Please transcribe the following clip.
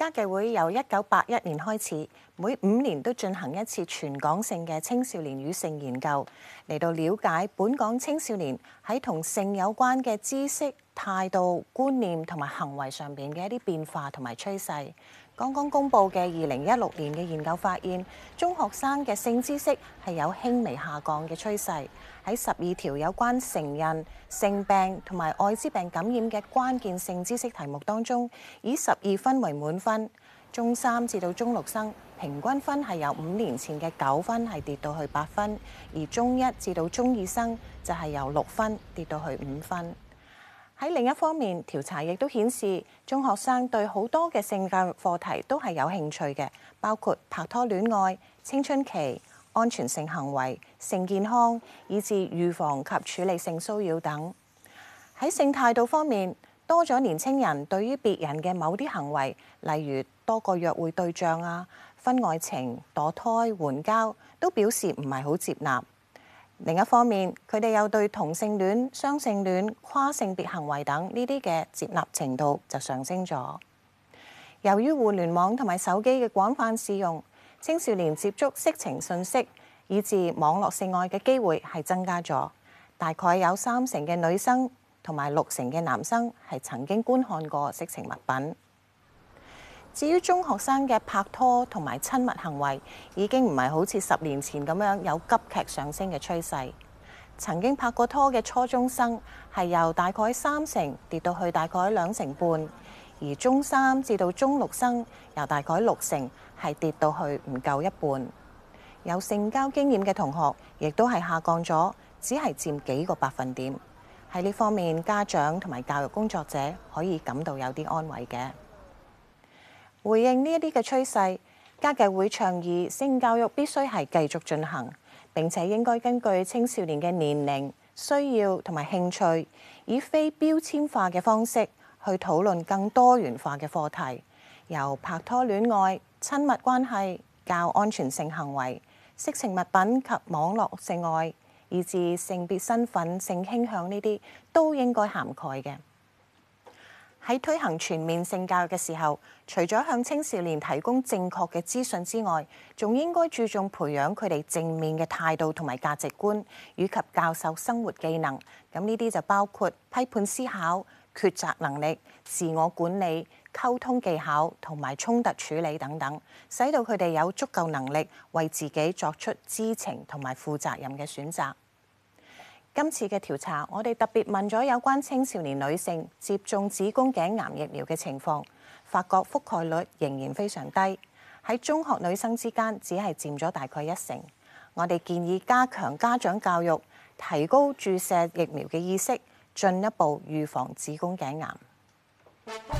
家計會由一九八一年開始，每五年都進行一次全港性嘅青少年與性研究，嚟到了解本港青少年喺同性有關嘅知識、態度、觀念同埋行為上邊嘅一啲變化同埋趨勢。剛剛公佈嘅二零一六年嘅研究發現，中學生嘅性知識係有輕微下降嘅趨勢。喺十二條有關成人、性病同埋愛滋病感染嘅關鍵性知識題目當中，以十二分為滿分，中三至到中六生平均分係由五年前嘅九分係跌到去八分，而中一至到中二生就係由六分跌到去五分。喺另一方面，調查亦都顯示中學生對好多嘅性教育課題都係有興趣嘅，包括拍拖戀愛、青春期、安全性行為、性健康，以至預防及處理性騷擾等。喺性態度方面，多咗年青人對於別人嘅某啲行為，例如多個約會對象啊、婚外情、墮胎、援交，都表示唔係好接納。另一方面，佢哋又對同性戀、雙性戀、跨性別行為等呢啲嘅接納程度就上升咗。由於互聯網同埋手機嘅廣泛使用，青少年接觸色情信息以至網絡性愛嘅機會係增加咗。大概有三成嘅女生同埋六成嘅男生係曾經觀看過色情物品。至於中學生嘅拍拖同埋親密行為，已經唔係好似十年前咁樣有急劇上升嘅趨勢。曾經拍過拖嘅初中生係由大概三成跌到去大概兩成半，而中三至到中六生由大概六成係跌到去唔夠一半。有性交經驗嘅同學亦都係下降咗，只係佔幾個百分點。喺呢方面，家長同埋教育工作者可以感到有啲安慰嘅。回應呢一啲嘅趨勢，家計會倡議性教育必須係繼續進行，並且應該根據青少年嘅年齡、需要同埋興趣，以非標籤化嘅方式去討論更多元化嘅課題，由拍拖戀愛、親密關係、較安全性行為、色情物品及網絡性愛，以至性別身份、性傾向呢啲，都應該涵蓋嘅。喺推行全面性教育嘅時候，除咗向青少年提供正確嘅資訊之外，仲應該注重培養佢哋正面嘅態度同埋價值觀，以及教授生活技能。咁呢啲就包括批判思考、抉擇能力、自我管理、溝通技巧同埋衝突處理等等，使到佢哋有足夠能力為自己作出知情同埋負責任嘅選擇。今次嘅調查，我哋特別問咗有關青少年女性接種子宮頸癌疫苗嘅情況，發覺覆蓋率仍然非常低。喺中學女生之間，只係佔咗大概一成。我哋建議加強家長教育，提高注射疫苗嘅意識，進一步預防子宮頸癌。